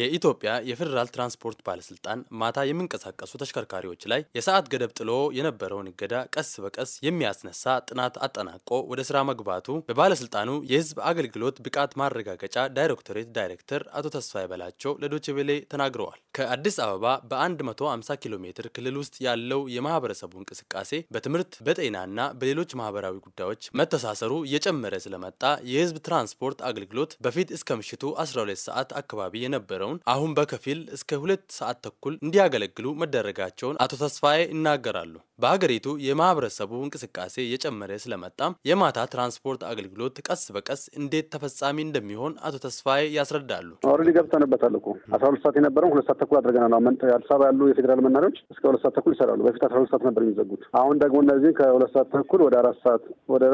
የኢትዮጵያ የፌዴራል ትራንስፖርት ባለስልጣን ማታ የሚንቀሳቀሱ ተሽከርካሪዎች ላይ የሰዓት ገደብ ጥሎ የነበረውን እገዳ ቀስ በቀስ የሚያስነሳ ጥናት አጠናቆ ወደ ስራ መግባቱ በባለስልጣኑ የህዝብ አገልግሎት ብቃት ማረጋገጫ ዳይሬክቶሬት ዳይሬክተር አቶ ተስፋዬ በላቸው ለዶችቤሌ ተናግረዋል። ከአዲስ አበባ በ150 ኪሎ ሜትር ክልል ውስጥ ያለው የማህበረሰቡ እንቅስቃሴ በትምህርት በጤናና በሌሎች ማህበራዊ ጉዳዮች መተሳሰሩ እየጨመረ ስለመጣ የህዝብ ትራንስፖርት አገልግሎት በፊት እስከ ምሽቱ 12 ሰዓት አካባቢ የነበረው የነበረውን አሁን በከፊል እስከ ሁለት ሰዓት ተኩል እንዲያገለግሉ መደረጋቸውን አቶ ተስፋዬ ይናገራሉ። በሀገሪቱ የማህበረሰቡ እንቅስቃሴ የጨመረ ስለመጣም የማታ ትራንስፖርት አገልግሎት ቀስ በቀስ እንዴት ተፈጻሚ እንደሚሆን አቶ ተስፋዬ ያስረዳሉ። ኦልሬዲ ገብተንበታል እኮ አስራ ሁለት ሰዓት የነበረው ሁለት ሰዓት ተኩል አድርገናል። አዲስ አበባ ያሉ የፌዴራል መናሪዎች እስከ ሁለት ሰዓት ተኩል ይሰራሉ። በፊት አስራ ሁለት ሰዓት ነበር የሚዘጉት። አሁን ደግሞ እነዚህ ከሁለት ሰዓት ተኩል ወደ አራት ሰዓት ወደ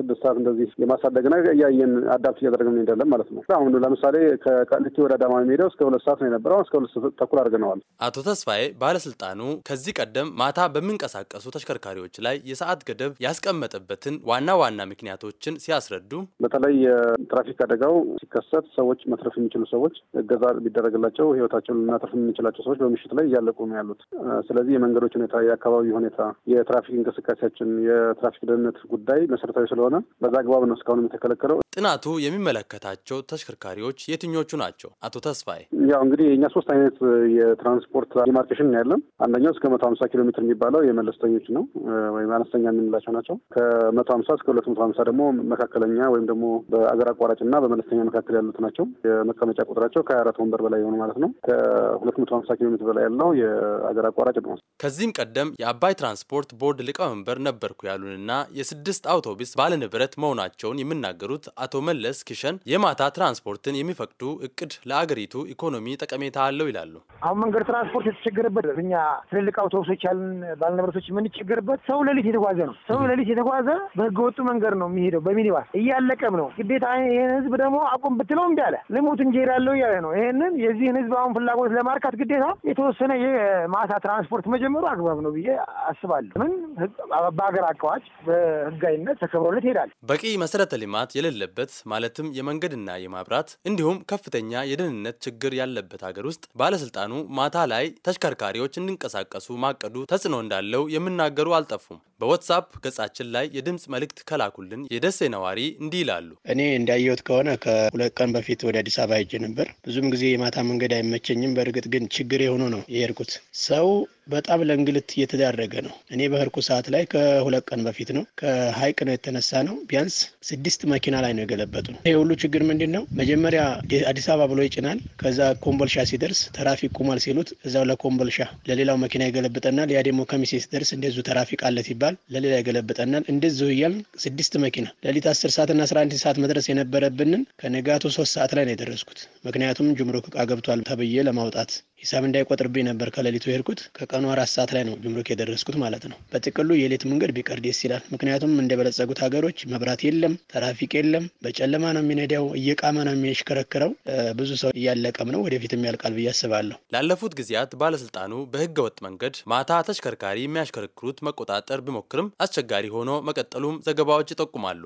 ስድስት ሰዓት እንደዚህ የማሳደግና እያየን አዳፕት እያደረግን እንሄዳለን ማለት ነው። አሁን ለምሳሌ ከቃሊቲ ወደ አዳማ የሚሄደው እስከ ሁለት ሰዓት ነው የነበረው እስከ ሁለት ተኩል አድርገነዋል። አቶ ተስፋዬ ባለስልጣኑ ከዚህ ቀደም ማታ በምንቀሳቀ በሚንቀሳቀሱ ተሽከርካሪዎች ላይ የሰዓት ገደብ ያስቀመጠበትን ዋና ዋና ምክንያቶችን ሲያስረዱ በተለይ የትራፊክ አደጋው ሲከሰት ሰዎች መትረፍ የሚችሉ ሰዎች እገዛ ቢደረግላቸው ህይወታቸውን ልናተርፍ የምንችላቸው ሰዎች በምሽት ላይ እያለቁ ነው ያሉት። ስለዚህ የመንገዶች ሁኔታ፣ የአካባቢ ሁኔታ፣ የትራፊክ እንቅስቃሴያችን፣ የትራፊክ ደህንነት ጉዳይ መሰረታዊ ስለሆነ በዛ አግባብ ነው እስካሁን የተከለከለው። ጥናቱ የሚመለከታቸው ተሽከርካሪዎች የትኞቹ ናቸው? አቶ ተስፋዬ ያው እንግዲህ የእኛ ሶስት አይነት የትራንስፖርት ዲማርኬሽን ያለን አንደኛው እስከ መቶ ሀምሳ ኪሎ ሜትር የሚባለው የመለስ አነስተኞች ነው ወይም አነስተኛ የምንላቸው ናቸው። ከመቶ ሀምሳ እስከ ሁለት መቶ ሀምሳ ደግሞ መካከለኛ ወይም ደግሞ በአገር አቋራጭና በመለስተኛ መካከል ያሉት ናቸው። የመቀመጫ ቁጥራቸው ከሀያ አራት ወንበር በላይ የሆኑ ማለት ነው። ከሁለት መቶ ሀምሳ ኪሎ ሜትር በላይ ያለው የአገር አቋራጭ ነው። ከዚህም ቀደም የአባይ ትራንስፖርት ቦርድ ሊቀመንበር ነበርኩ ያሉንና የስድስት አውቶቡስ ባለንብረት መሆናቸውን የሚናገሩት አቶ መለስ ኪሸን የማታ ትራንስፖርትን የሚፈቅዱ እቅድ ለአገሪቱ ኢኮኖሚ ጠቀሜታ አለው ይላሉ። አሁን መንገድ ትራንስፖርት የተቸገረበት እኛ ትልልቅ አውቶቡሶች ያለን ባለንብረቶች የምንቸገርበት ሰው ሌሊት የተጓዘ ነው። ሰው ሌሊት የተጓዘ በህገወጡ መንገድ ነው የሚሄደው በሚኒባስ እያለቀም ነው። ግዴታ ይህን ህዝብ ደግሞ አቁም ብትለው እምቢ አለ። ልሙት እንጂ እያለ ነው። ይህንን የዚህን ህዝብ አሁን ፍላጎት ለማርካት ግዴታ የተወሰነ የማታ ትራንስፖርት መጀመሩ አግባብ ነው ብዬ አስባለሁ። ምን በሀገር አቀዋጭ በህጋዊነት ተከብሮለት ይሄዳል። በቂ መሰረተ ልማት የሌለበት ማለትም የመንገድና የማብራት እንዲሁም ከፍተኛ የደህንነት ችግር ያለበት ሀገር ውስጥ ባለስልጣኑ ማታ ላይ ተሽከርካሪዎች እንዲንቀሳቀሱ ማቀዱ ተጽዕኖ እንዳለው የምናገሩ አልጠፉም። በዋትሳፕ ገጻችን ላይ የድምፅ መልእክት ከላኩልን የደሴ ነዋሪ እንዲህ ይላሉ። እኔ እንዳየሁት ከሆነ ከሁለት ቀን በፊት ወደ አዲስ አበባ ሄጄ ነበር። ብዙም ጊዜ የማታ መንገድ አይመቸኝም። በእርግጥ ግን ችግር የሆኑ ነው የሄድኩት ሰው በጣም ለእንግልት እየተዳረገ ነው። እኔ በህርኩ ሰዓት ላይ ከሁለት ቀን በፊት ነው ከሀይቅ ነው የተነሳ ነው። ቢያንስ ስድስት መኪና ላይ ነው የገለበጡ። ይህ ሁሉ ችግር ምንድን ነው? መጀመሪያ አዲስ አበባ ብሎ ይጭናል። ከዛ ኮምቦልሻ ሲደርስ ትራፊክ ቁሟል ሲሉት እዛው ለኮምቦልሻ ለሌላው መኪና ይገለብጠናል። ያ ደግሞ ከሚሴ ሲደርስ እንደዙ ተራፊቅ አለ ሲባል ለሌላ ይገለብጠናል። እንደዚሁ እያልን ስድስት መኪና ሌሊት አስር ሰዓትና አስራ አንድ ሰዓት መድረስ የነበረብንን ከንጋቱ ሶስት ሰዓት ላይ ነው የደረስኩት። ምክንያቱም ጅምሩክ ዕቃ ገብቷል ተብዬ ለማውጣት ሂሳብ እንዳይቆጥርብኝ ነበር ከሌሊቱ የሄድኩት። ከቀኑ አራት ሰዓት ላይ ነው ጉምሩክ የደረስኩት ማለት ነው። በጥቅሉ የሌት መንገድ ቢቀር ደስ ይላል። ምክንያቱም እንደበለጸጉት ሀገሮች መብራት የለም፣ ትራፊክ የለም፣ በጨለማ ነው የሚነዳው፣ እየቃመ ነው የሚሽከረክረው። ብዙ ሰው እያለቀም ነው፣ ወደፊትም ያልቃል ብዬ አስባለሁ። ላለፉት ጊዜያት ባለስልጣኑ በህገ ወጥ መንገድ ማታ ተሽከርካሪ የሚያሽከረክሩት መቆጣጠር ቢሞክርም አስቸጋሪ ሆኖ መቀጠሉም ዘገባዎች ይጠቁማሉ።